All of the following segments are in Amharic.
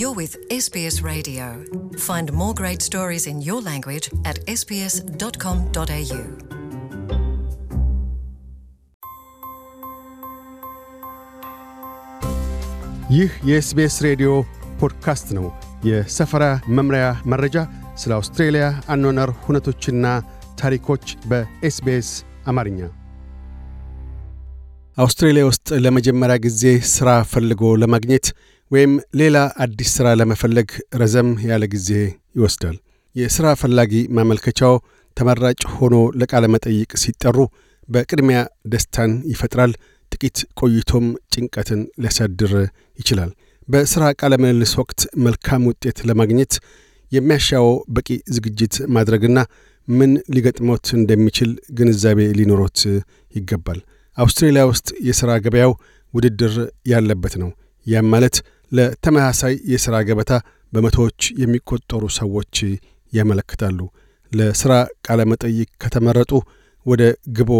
You're with SBS Radio. Find more great stories in your language at sbs.com.au. ይህ የኤስቢኤስ ሬዲዮ ፖድካስት ነው። የሰፈራ መምሪያ መረጃ፣ ስለ አውስትሬልያ አኗነር ሁነቶችና ታሪኮች በኤስቢኤስ አማርኛ አውስትሬልያ ውስጥ ለመጀመሪያ ጊዜ ሥራ ፈልጎ ለማግኘት ወይም ሌላ አዲስ ሥራ ለመፈለግ ረዘም ያለ ጊዜ ይወስዳል። የሥራ ፈላጊ ማመልከቻው ተመራጭ ሆኖ ለቃለ መጠይቅ ሲጠሩ በቅድሚያ ደስታን ይፈጥራል። ጥቂት ቆይቶም ጭንቀትን ሊያሳድር ይችላል። በሥራ ቃለ ምልልስ ወቅት መልካም ውጤት ለማግኘት የሚያሻው በቂ ዝግጅት ማድረግና ምን ሊገጥሞት እንደሚችል ግንዛቤ ሊኖሮት ይገባል። አውስትሬሊያ ውስጥ የሥራ ገበያው ውድድር ያለበት ነው። ያም ማለት ለተመሳሳይ የሥራ ገበታ በመቶዎች የሚቆጠሩ ሰዎች ያመለክታሉ። ለሥራ ቃለመጠይቅ ከተመረጡ ወደ ግቦ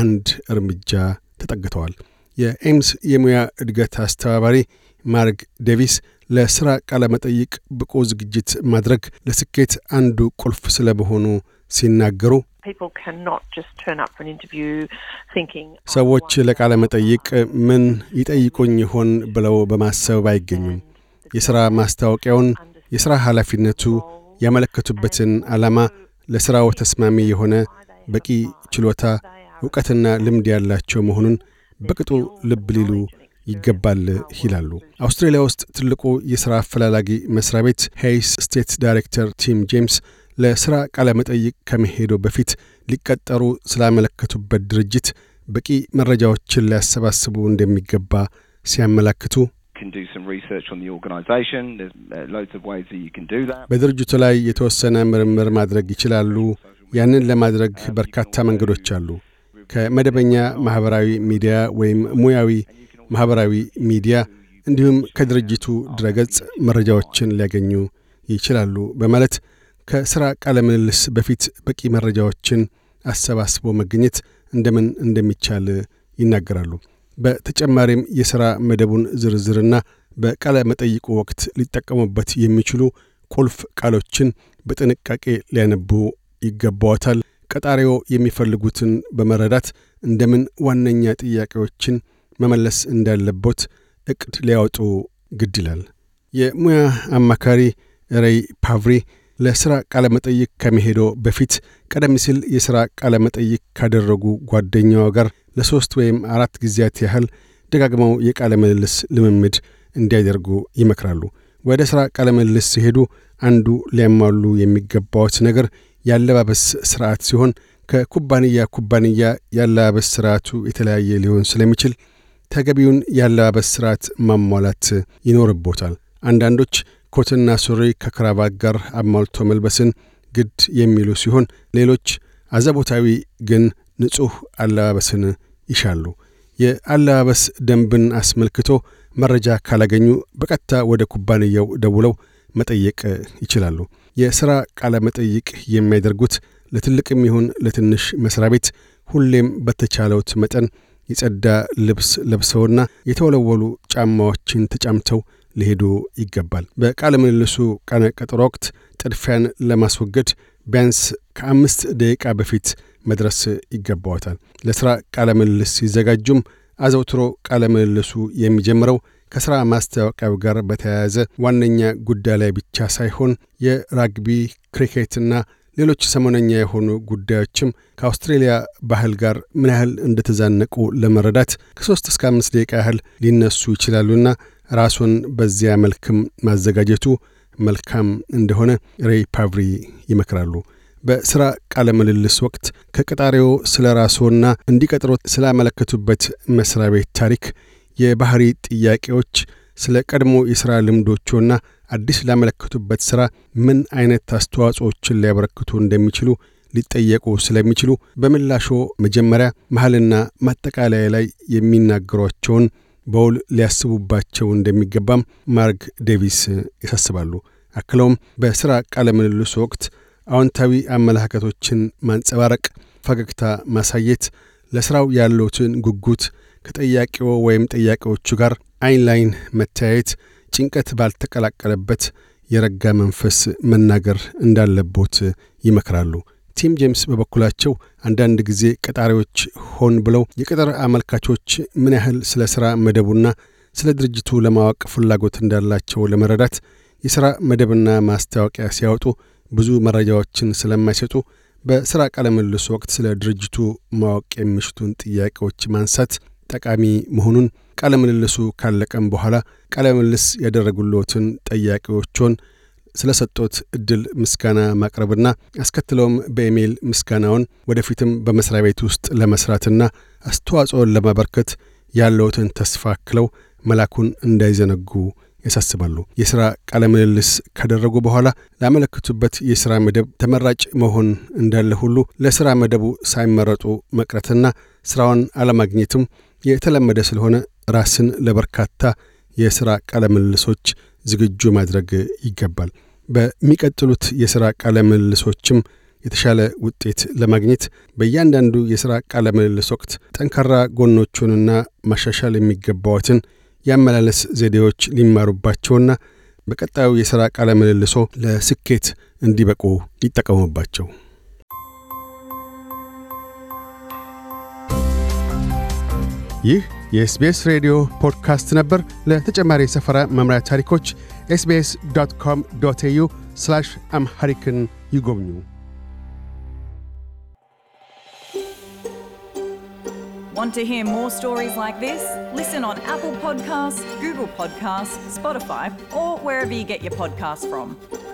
አንድ እርምጃ ተጠግተዋል። የኤምስ የሙያ እድገት አስተባባሪ ማርግ ዴቪስ ለሥራ ቃለመጠይቅ ብቁ ዝግጅት ማድረግ ለስኬት አንዱ ቁልፍ ስለመሆኑ ሲናገሩ ሰዎች ለቃለ መጠይቅ ምን ይጠይቁኝ ይሆን ብለው በማሰብ አይገኙም። የሥራ ማስታወቂያውን፣ የሥራ ኃላፊነቱ፣ ያመለከቱበትን ዓላማ፣ ለሥራው ተስማሚ የሆነ በቂ ችሎታ፣ እውቀትና ልምድ ያላቸው መሆኑን በቅጡ ልብ ሊሉ ይገባል ይላሉ። አውስትራሊያ ውስጥ ትልቁ የሥራ አፈላላጊ መሥሪያ ቤት ሄይስ ስቴት ዳይሬክተር ቲም ጄምስ ለሥራ ቃለመጠይቅ ከመሄዱ በፊት ሊቀጠሩ ስላመለከቱበት ድርጅት በቂ መረጃዎችን ሊያሰባስቡ እንደሚገባ ሲያመላክቱ uh, በድርጅቱ ላይ የተወሰነ ምርምር ማድረግ ይችላሉ። ያንን ለማድረግ በርካታ መንገዶች አሉ። ከመደበኛ ማኅበራዊ ሚዲያ ወይም ሙያዊ ማኅበራዊ ሚዲያ እንዲሁም ከድርጅቱ ድረገጽ መረጃዎችን ሊያገኙ ይችላሉ በማለት ከሥራ ቃለ ምልልስ በፊት በቂ መረጃዎችን አሰባስቦ መገኘት እንደምን እንደሚቻል ይናገራሉ። በተጨማሪም የሥራ መደቡን ዝርዝርና በቃለ መጠይቁ ወቅት ሊጠቀሙበት የሚችሉ ቁልፍ ቃሎችን በጥንቃቄ ሊያነቡ ይገባዎታል። ቀጣሪዎ የሚፈልጉትን በመረዳት እንደምን ዋነኛ ጥያቄዎችን መመለስ እንዳለቦት እቅድ ሊያወጡ ግድ ይላል። የሙያ አማካሪ ሬይ ፓቭሪ ለሥራ ቃለመጠይቅ ከመሄዶ በፊት ቀደም ሲል የሥራ ቃለመጠይቅ ካደረጉ ጓደኛዋ ጋር ለሦስት ወይም አራት ጊዜያት ያህል ደጋግመው የቃለ ምልልስ ልምምድ እንዲያደርጉ ይመክራሉ። ወደ ሥራ ቃለ ምልልስ ሲሄዱ አንዱ ሊያሟሉ የሚገባዎት ነገር የአለባበስ ሥርዓት ሲሆን ከኩባንያ ኩባንያ የአለባበስ ሥርዓቱ የተለያየ ሊሆን ስለሚችል ተገቢውን የአለባበስ ስርዓት ማሟላት ይኖርቦታል። አንዳንዶች ኮትና ሱሪ ከክራባት ጋር አሟልቶ መልበስን ግድ የሚሉ ሲሆን፣ ሌሎች አዘቦታዊ ግን ንጹሕ አለባበስን ይሻሉ። የአለባበስ ደንብን አስመልክቶ መረጃ ካላገኙ በቀጥታ ወደ ኩባንያው ደውለው መጠየቅ ይችላሉ። የሥራ ቃለ መጠይቅ የሚያደርጉት ለትልቅም ይሁን ለትንሽ መሥሪያ ቤት ሁሌም በተቻለውት መጠን የጸዳ ልብስ ለብሰውና የተወለወሉ ጫማዎችን ተጫምተው ሊሄዱ ይገባል። በቃለ ምልልሱ ቀነ ቀጠሮ ወቅት ጥድፊያን ለማስወገድ ቢያንስ ከአምስት ደቂቃ በፊት መድረስ ይገባዎታል። ለሥራ ቃለ ምልልስ ሲዘጋጁም አዘውትሮ ቃለ ምልልሱ የሚጀምረው ከሥራ ማስታወቂያው ጋር በተያያዘ ዋነኛ ጉዳይ ላይ ብቻ ሳይሆን የራግቢ ክሪኬትና ሌሎች ሰሞነኛ የሆኑ ጉዳዮችም ከአውስትሬልያ ባህል ጋር ምን ያህል እንደተዛነቁ ለመረዳት ከሶስት እስከ አምስት ደቂቃ ያህል ሊነሱ ይችላሉና ራሱን በዚያ መልክም ማዘጋጀቱ መልካም እንደሆነ ሬይ ፓቭሪ ይመክራሉ። በሥራ ቃለ ምልልስ ወቅት ከቀጣሪው ስለ ራስዎና እንዲቀጥሮ ስላመለከቱበት መሥሪያ ቤት ታሪክ፣ የባህሪ ጥያቄዎች ስለ ቀድሞ የሥራ ልምዶችና አዲስ ላመለከቱበት ሥራ ምን አይነት አስተዋጽኦችን ሊያበረክቱ እንደሚችሉ ሊጠየቁ ስለሚችሉ በምላሾ መጀመሪያ መሐልና ማጠቃለያ ላይ የሚናገሯቸውን በውል ሊያስቡባቸው እንደሚገባም ማርግ ዴቪስ ያሳስባሉ። አክለውም በሥራ ቃለ ምልልስ ወቅት አዎንታዊ አመለካከቶችን ማንጸባረቅ፣ ፈገግታ ማሳየት፣ ለሥራው ያለትን ጉጉት ከጠያቂዎ ወይም ጠያቂዎቹ ጋር አይን ላይን መተያየት፣ ጭንቀት ባልተቀላቀለበት የረጋ መንፈስ መናገር እንዳለቦት ይመክራሉ። ቲም ጄምስ በበኩላቸው አንዳንድ ጊዜ ቀጣሪዎች ሆን ብለው የቅጥር አመልካቾች ምን ያህል ስለ ሥራ መደቡና ስለ ድርጅቱ ለማወቅ ፍላጎት እንዳላቸው ለመረዳት የሥራ መደብና ማስታወቂያ ሲያወጡ ብዙ መረጃዎችን ስለማይሰጡ በሥራ ቀለምልስ ወቅት ስለ ድርጅቱ ማወቅ የሚሽቱን ጥያቄዎች ማንሳት ጠቃሚ መሆኑን ቃለ ምልልሱ ካለቀም በኋላ ቃለ ምልልስ ያደረጉልዎትን ጠያቂዎችን ስለ ሰጡት እድል ምስጋና ማቅረብና አስከትለውም በኢሜይል ምስጋናውን ወደፊትም በመስሪያ ቤት ውስጥ ለመስራትና አስተዋጽኦን ለማበርከት ያለውትን ተስፋ አክለው መላኩን እንዳይዘነጉ ያሳስባሉ። የሥራ ቃለ ምልልስ ካደረጉ በኋላ ላመለክቱበት የሥራ መደብ ተመራጭ መሆን እንዳለ ሁሉ ለሥራ መደቡ ሳይመረጡ መቅረትና ሥራውን አለማግኘትም የተለመደ ስለሆነ ራስን ለበርካታ የሥራ ቃለምልሶች ዝግጁ ማድረግ ይገባል። በሚቀጥሉት የሥራ ቃለምልሶችም የተሻለ ውጤት ለማግኘት በእያንዳንዱ የሥራ ቃለምልልስ ወቅት ጠንካራ ጎኖቹንና ማሻሻል የሚገባዎትን የአመላለስ ዘዴዎች ሊማሩባቸውና በቀጣዩ የሥራ ቃለምልልሶ ለስኬት እንዲበቁ ይጠቀሙባቸው። ይህ የኤስቢኤስ ሬዲዮ ፖድካስት ነበር። ለተጨማሪ የሰፈራ መምሪያ ታሪኮች ኤስቢኤስ ዶት ኮም ዶት ኤዩ አምሐሪክን ይጎብኙ። Want to hear more stories like this? Listen on Apple Podcasts, Google Podcasts, Spotify, or wherever you get your podcasts from.